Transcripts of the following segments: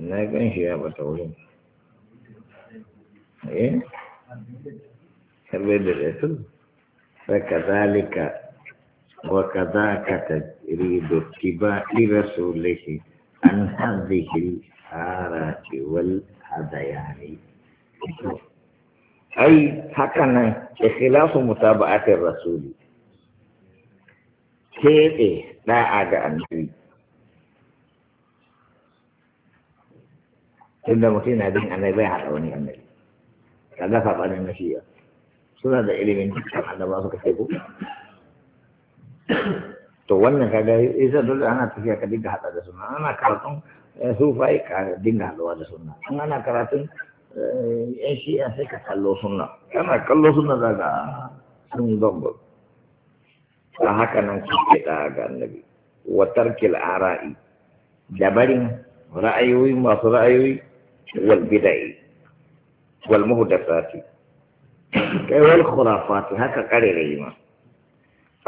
na gan shi ya bata wurin eh saboda da su fakazalika wa kazaka tajridu tibali rasulihi an hadhihi al-arati wal hadayani ai haka nan ikhlasu mutaba'atir rasuli kebe a ga annabi tunda mutum na bin annabi bai haɗa wani annabi kaga saɓanin na shiya suna da ilimin dukkan annaba suka ce ko to wannan kaga isa dole ana tafiya ka dinga haɗa da suna ana karatun eh, sufai ka dinga haɗuwa da suna in ana karatun eh, yan shi'a sai ka kallo suna kana kallo suna daga sun zamba a haka nan kuke da ga annabi wa tarkil ara'i da barin ra'ayoyi masu ra'ayoyi والبدع والمهدفات والخرافات هكا ما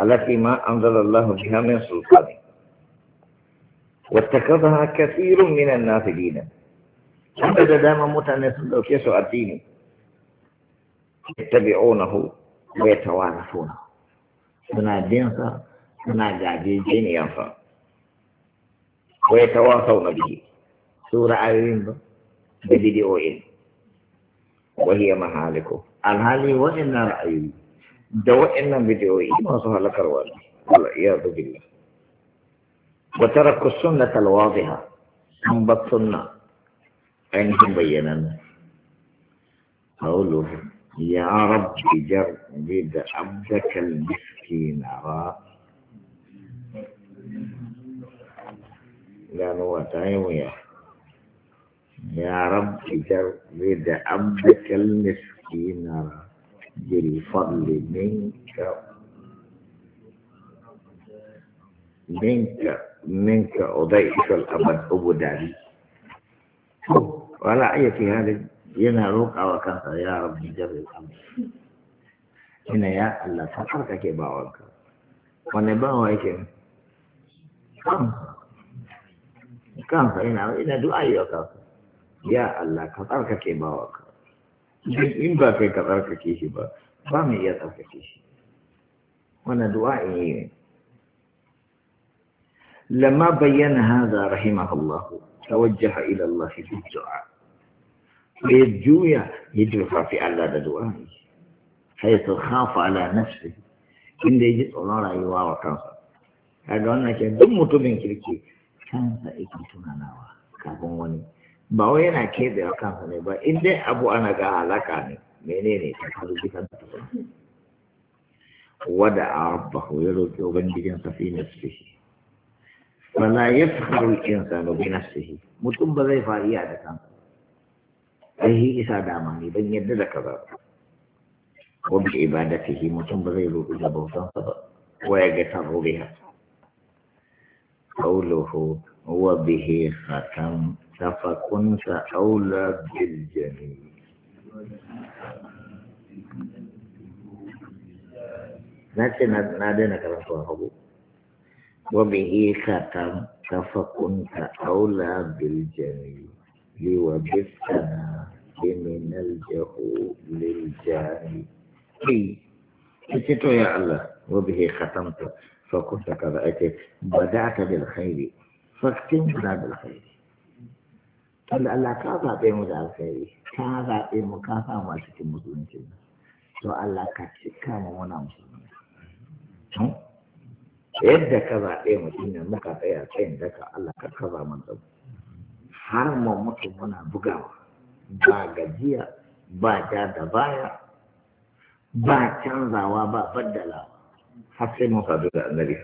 التي ما أنزل الله بها من سلطان واتخذها كثير من الناس دينا هذا دائما لو كيسو الدين يتبعونه ويتوارثونه سنا دينسا سنا قاعدين دين ينفع ويتواصون به سورة عين وين وهي محالكه الهالي وإن أيوة دو إن بدئوئي ما سهل كروالي والعياذ بالله وتركوا السنة الواضحة أنبت سنة أنهم بيننا قوله يا رب جرد عبدك المسكين را لا نوات وياه يا رب جرد عبدك المسكين بالفضل منك منك منك أضيف الأبد أبداً ولا أي في هذا ينا روكا وكانت يا رب جر الأمر هنا يا الله فقرك كي باوك ونباوك يكي كم كم فإن إذا دعائي وكافر يا الله كثر كي باوك إن باك كثر كي با فما يا كثر كي وانا دعائي لما بين هذا رحمه الله توجه إلى الله في الدعاء ويجوا يدفع في الله الدعاء حيث خاف على نفسه إن يجد الله لا يوا وكانه هذا أنك دم تبين كذي كان سئك تنا نوا كابون وني ba wai yana keɓe a kansa ne ba in dai abu ana ga halaka ne ne ta kazo gidan ta wada rabbahu ya roki ubangijin sa fi nafsihi fala yafkharu al-insanu bi nafsihi mutum ba zai fariya da kansa sai isa dama ne ban yadda da kaza ko bi ibadatihi mutum ba zai roki da bautan sa ba ko ya ga tarbiya qawluhu wa bihi khatam فكنت أولى بالجميع لكن نادينا كلام صاحبه وبه ختم فكنت أولى بالجميع لوجدتنا بمن الجهو للجاني كتبت يا الله وبه ختمت فكنت كذا بدأت بالخير فاختمنا بالخير wanda Allah ka zaɓe mu da alkhairi ka zaɓe mu ka sa mu a cikin musulunci to Allah ka cika mu muna musulmi hmm? yadda ka zaɓe mu shine muka tsaya tsayin daka Allah ka kaza mu da har mu mutu muna bugawa ba gajiya ba ja da baya ba canzawa ba baddala. har sai mun sadu da annabi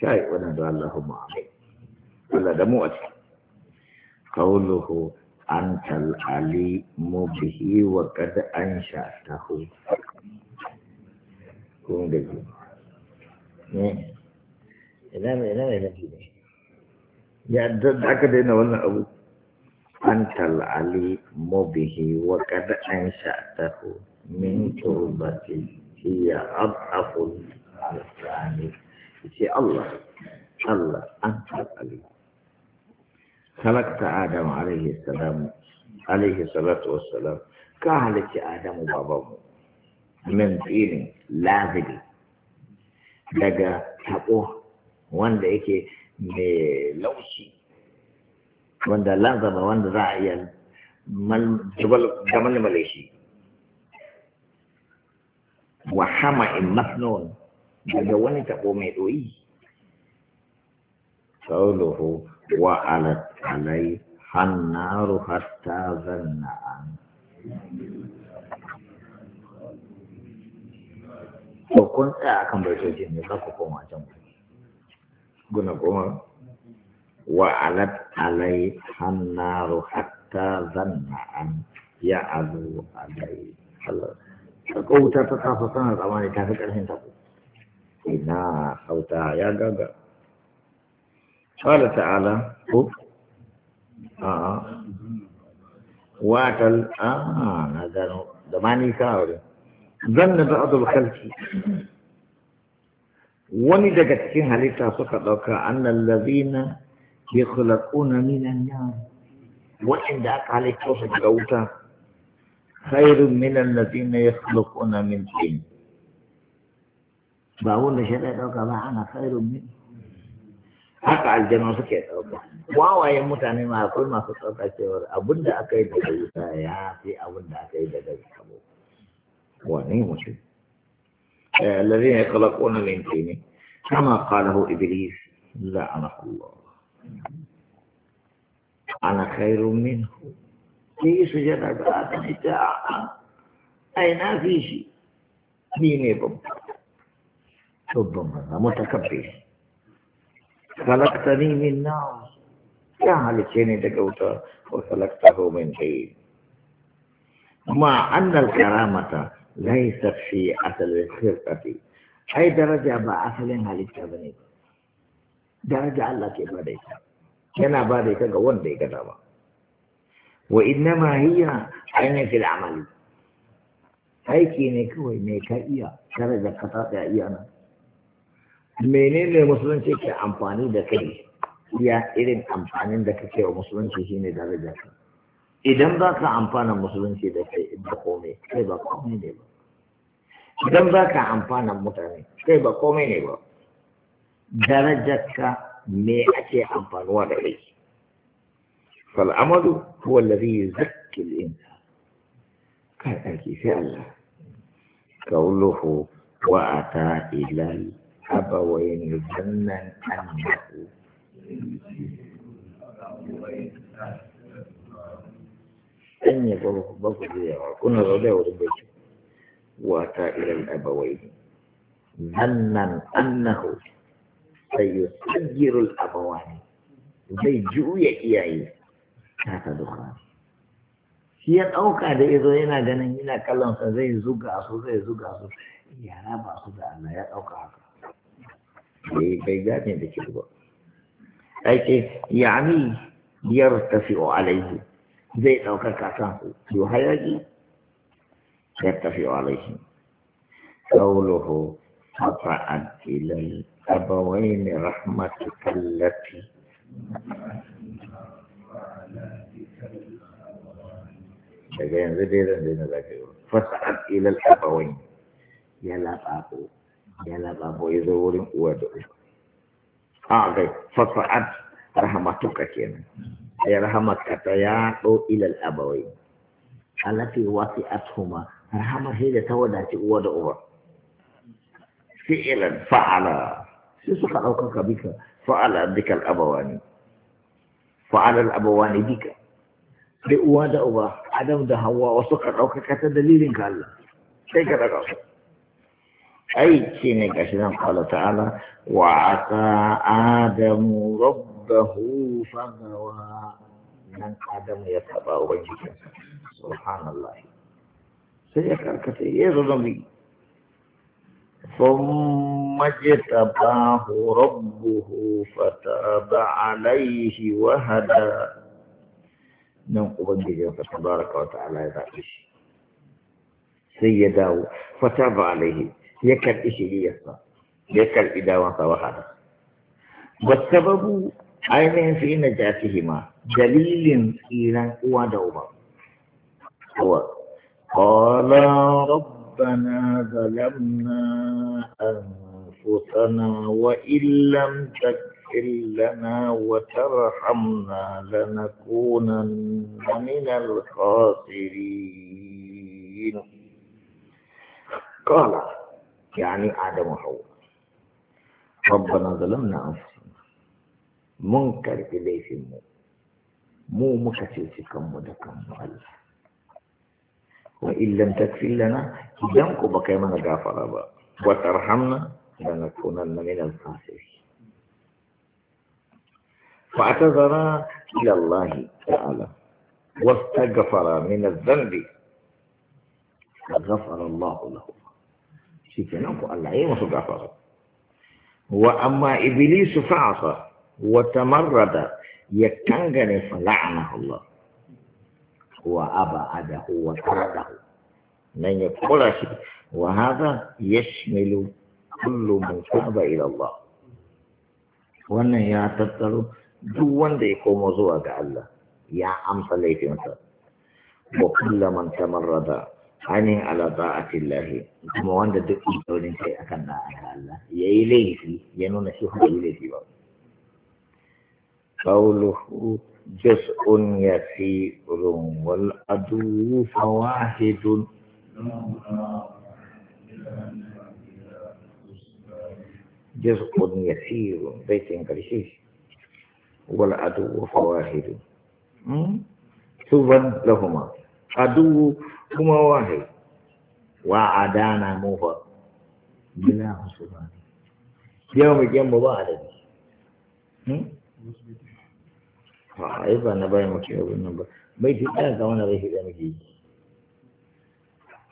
kai wannan da Allahumma amin Allah da mu a cikin قوله أنت العليم به وقد أنشأته كون دجي إلا ما إلا ما إلا يا دد أكدنا ولا أبو أنت العليم به وقد أنشأته من تربة هي أضعف الأركان يا الله الله أنت العليم خلقت آدم عليه السلام عليه الصلاة والسلام كهلك آدم بابا من فين لازلي دقا تقوه وان دعيكي ملوشي وان دا لازم وان دا رأي من جبل جمال مليشي وحما المثنون دقا وان تقوه ميدوي قوله وعلى عليها النار حتى ظن أن to kun tsaya akan baitoci ne za ku koma can ku guna koma wa alat alai hannaru hatta zanna an ya azu alai Allah ta kauta ta kafa sana tsamani ta fi ƙarfin ta ku ina kauta ya gaga قال تعالى a ah. watal a ah, na gano da mani kawai zan da ba'adul wani daga cikin halitta suka ɗauka annan lazina ya kulakuna minan nan waɗanda aka halitta su daga wuta khairun minan lazina ya kulakuna min ɗin ba wanda shi ɗaya ɗauka ba ana khairun min haka aljanu suke ɗauka wawayen mutane ma akwai masu ɗauka cewar abinda aka yi daga wuta ya fi abinda aka yi daga kabo wani mutum lalzin ya kala kala linki ne kama hu الذين يخلقون ana طين كما قاله إبليس لعنه الله أنا خير منه في سجن آدم أين في شيء مين يبقى ربما متكبر خلقتني من نار يا هلكيني دقوتا وخلقته من حين مع أن الكرامة ليست في أصل الخلقة أي درجة أصل هلكة بني درجة الله كيف بديك كنا بديك قوان ديك دابا وإنما هي عين في العمل أي كيني كوي ميكا إيا درجة خطاطة إيانا menene musulunci ke amfani da kai ya irin amfanin da kake wa musulunci shine darajar ka idan za ka amfana musulunci da kai da komai kai ba komai ne ba idan za ka amfana mutane kai ba komai ne ba darajar ka me ake amfanuwa da kai فالعمل هو الذي يزكي الإنسان كان أكي في الله wa ata ilal أبوين ظنا أنه أن يقول بقول يا كنا غدا وربيت وأتى إلى الأبوين ظنا أنه سيسجر الأبوان زي جوية إياه كاتا دخان shi ya ɗauka إذا izo yana ganin كلام kallon أسو zai أسو يا رب zuga su يا raba su بيجان يدكتب يعني يرتفع عليه زي لو كان يهيجي يرتفع عليه قوله فطعن إلى الأبوين رحمتك التي فسعد إلى الأبوين يلا بابو ya lalabo ya zo wurin uwa da uwa a ga fasa'at rahmatuka kenan ya rahmatka ta ya ɗo ilal abawai alati wasi atuma rahama sai da ta wadace uwa da uwa fi'ilan fa'ala sai suka ɗaukaka bika fa'ala bika al'abawani fa'ala al'abawani bika da uwa da uba adam da hawa wasu ka ɗaukaka ta dalilin ka Allah sai ka ɗaga su أي شيء كشنا قال تعالى وعطى آدم ربه فغوى من آدم يتبع وجهه سبحان الله سيذكر كثير نبي ثم اجتباه ربه فتاب عليه وهدى قبل به تبارك وتعالى يبعث سيداه فتاب عليه يكر إشي يسمى يكر إذا وانت وحدا والسبب أين في نجاتهما دليل إلى دوما هو قال ربنا ظلمنا أنفسنا وإن لم تكفر لنا وترحمنا لنكونن من الخاسرين قال يعني آدم وحواء ربنا ظلمنا أنفسنا منكر إليه في مو مو في كم ودكم الله وإن لم تكفي لنا إذنك بقي من غافر وترحمنا لنكونن من الخاسرين فاعتذرا إلى الله تعالى واستغفر من الذنب فغفر الله له shi kenan Allah ya yi musu gafara wa amma iblis fa'asa wa tamarrada ya kangane fa Allah wa aba aba'adahu wa taradahu nan ya kula shi wa hadha yashmilu kullu mutaba ila Allah wannan ya tattaro duk wanda ya komo zuwa ga Allah ya amsa laifinsa wa kullu man tamarrada ani ala ta'atillahi kuma wanda duk yi taurin kai akan na aka Allah ya yi laifi ya nuna shi ba yi laifi ba qawluhu juz'un yasirun wal adu fawahidun juz'un yasirun baitin karshe wal adu fawahidun tuban lahuma aduwu kuma wahai wa adana mufa bila hasubani yau mu gemu ba adadi ha hmm? ah, ai ba na bai muke abin nan ba bai fi ɗaya ga wani rashi da muke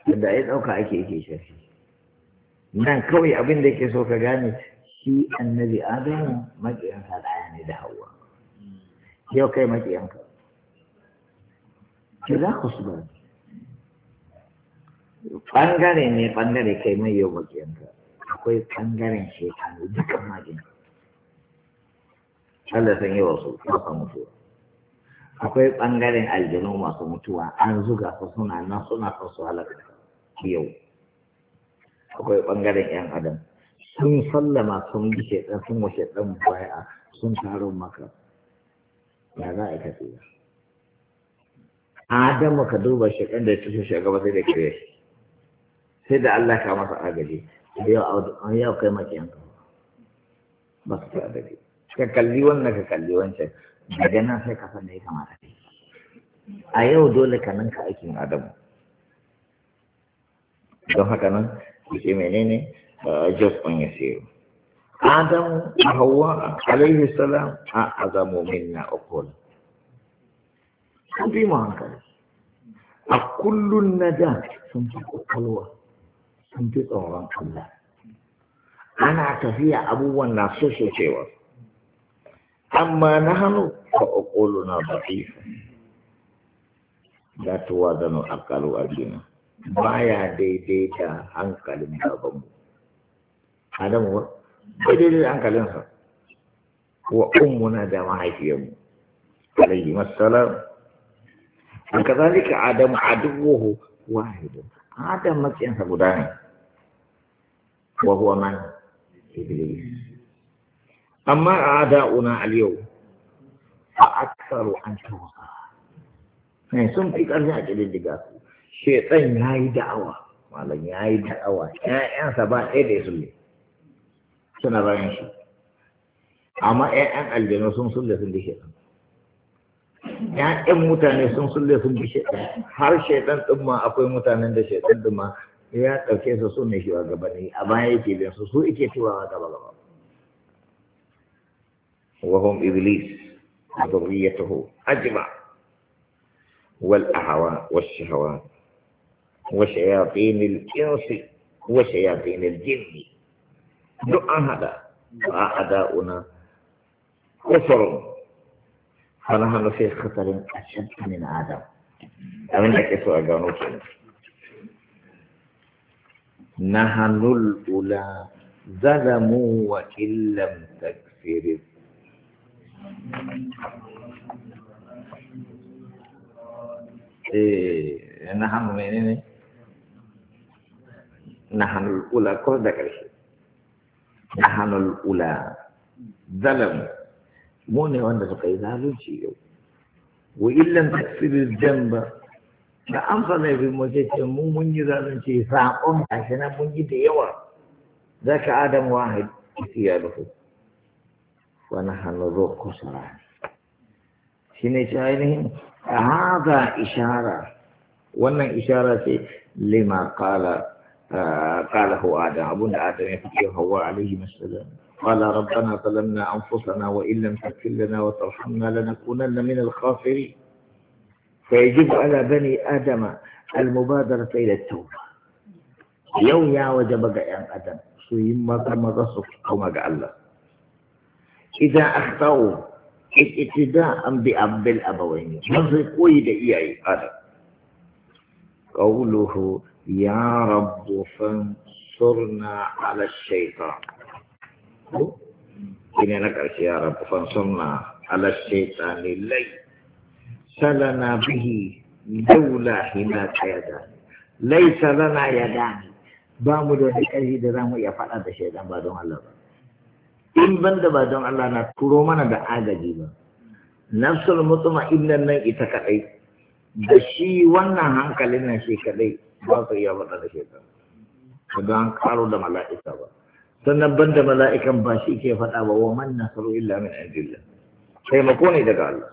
yi da ya ɗauka ake yake shafi nan kawai abin da ke so ka gane shi annabi adamu maƙiyansa ɗaya ne da hawa yau kai maƙiyanka kila khusban ɓangare ne ɓangare kai mai yau makiyanka akwai ɓangaren shekaru duka makiyanka Allah san yi wasu masu mutuwa akwai ɓangaren aljanu masu mutuwa an zuga su suna nan suna son su halaka yau akwai ɓangaren yan adam sun sallama sun bi shekaru sun wa shekaru baya sun taron maka ya za a yi tafiya adamu ka duba shi da ya tushe shi a gaba sai da kire shi sai da Allah ka masa agaji yau an yau kai kiyan ka ba su ta agaji ka kalli wannan ka kalli wancan daga nan sai ka san da ya kamata a yau dole ka nan ka aikin adamu don haka nan kuke menene jos ɗin ya siyo adamu a hawa alaihi salam a azamomin minna ukul sun fi mu hankali a kullun na da sun fi kwakwalwa sun fi tsoron Allah ana tafiya abubuwan na so so cewa amma na hannu fa ƙwaƙwalo na ba'ifa da tuwa zanu akalu a jina baya daidai da hankalin babanmu adamu ba bai daidai da hankalinsa wa ummuna da mahaifiyarmu alayhi masalam وكذلك آدم عدوه واحد آدم مكين Amma a من إبليس أما أعداؤنا اليوم فأكثر أن توقع sun fi ƙarfi a ƙididdiga su shekan ya yi da'awa malam ya yi da'awa ƴaƴansa ba ɗaya da ya sulle suna bayan shi amma ƴaƴan aljanu sun sulle sun da ‘ya’yan mutane sun sulle sun bi shaitan har shaitan ɗin ma akwai mutanen da shaitan ɗin ma ya ɗauke su su mai shiwa gaba ne a bayan yake biyan su su ike shiwa gaba gaba wahum iblis da zuri ya taho ajima wal a hawa wasu hawa wasu ya fi mil kinsi wasu ya fi mil jinni duk an hada ba a da'una kusurun فنحن في خطر أشد من آدم أمن لك سؤال جانوك نحن الأولى ظلموا وإن لم تكفر إيه نحن منين نحن الأولى كل ذكر نحن الأولى ظلموا mu ne wanda suka yi zalunci yau wa illan tafsirin jamba da amsa fa laifin mace ce mu mun yi zalunci saƙon gashi na mun yi da yawa za ka adam wahid ya rufu wani hannu zo kusura shi ne shi ainihin a haza ishara wannan ishara ce lima kala kala hu adam abinda adam ya fi hawa alaihi masallam قال ربنا ظلمنا أنفسنا وإن لم تغفر لنا وترحمنا لنكونن من الخاسرين فيجب على بني آدم المبادرة إلى التوبة يوم يا وجب يا آدم سيما ماذا ماذا أو ما الله إذا أخطأوا ابتداء بأب الأبوين نظر قيد إياي آدم قوله يا رب فانصرنا على الشيطان shine na ƙarshe ya rabu fansunna ala shaitani lai salana bihi daula hina kayada lai salana yadani ba mu da wani da za mu iya faɗa da shaidan ba don Allah ba in ban ba don Allah na turo mana da agaji ba nafsul mutuma innan nan ita kaɗai da shi wannan hankalin nan shi kaɗai ba su iya faɗa da shaidan ba don karo da mala'ika ba sannan banda mala'ikan ba shi ke faɗa ba wa manna saro illa min sai taimako ne daga Allah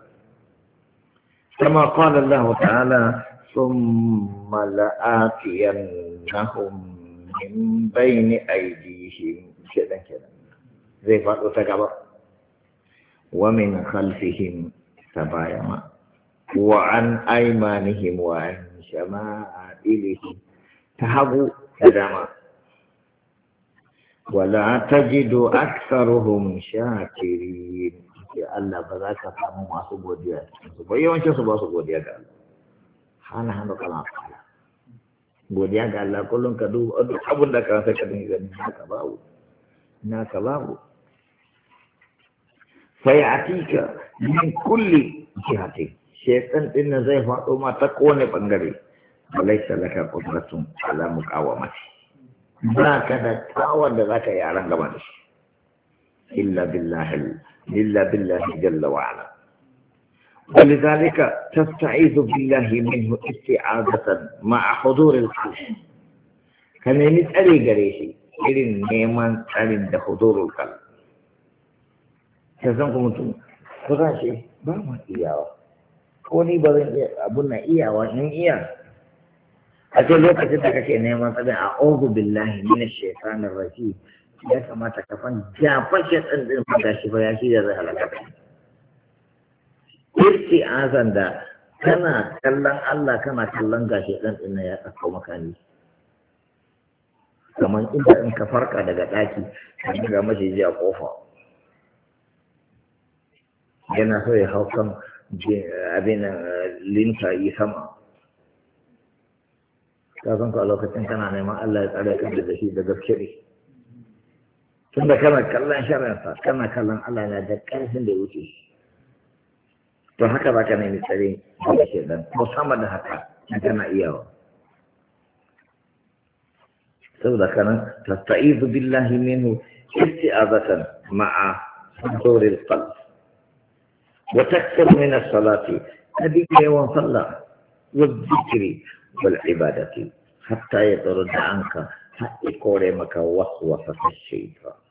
kama kwanan Allah ta'ala thumma la'atiyannahum min aiki shi kedan kedan zai faɗo ta gaba wa min khalfihim ma. wa an aymanihim wa an shama'ilihim ta hagu da dama wala tajidu aktsaruhum shakirin ya Allah ba za ka samu masu godiya su ba yawancin su ba su godiya ga Allah hana hana kala kala godiya ga Allah kullum ka duba duk abin da ka sai ka dinga ganin haka babu na ka babu sai atika min kulli jihati shaytan din zai faɗo ma ta kone bangare balaita laka qudratun ala muqawamati ba ka da tsawon da za ka yi a ran gaba da shi illa billahi illa billahi jalla wa ala ولذلك تستعيذ بالله منه استعاذة مع حضور القلب كان يتألي قريشي إذن نيمان تألين ده حضور القلب تسمكم أنتم فقاشي باما إياه كوني بذن أبونا إياه وإن إياه a ce lokacin da kake neman tsada a ogu billahi min shaitanir rafi ya kamata ka fan jafa shaitan din ba shi ba ya shi da zai halaka irki azan da kana kallon Allah kana kallon gashi shaitan din ya tsakko kamar inda in ka farka daga daki ka ga majiji a kofa yana so ya hau kan abin linta yi sama ka san ko a lokacin kana neman Allah ya tsare ka da shi daga shiri tunda kana kallon sharansa kana kallon Allah na da ƙarfin da ya wuce to haka za ka nemi tsare daga shaidan ko sama da haka in kana iyawa saboda kana tasta'izu billahi minhu isti'azatan ma'a saduril qalb wa takthur min as-salati tabi yawan sallah wa dhikri والعبادة حتى يترد عنك حتى يكون مكا وسوسة الشيطان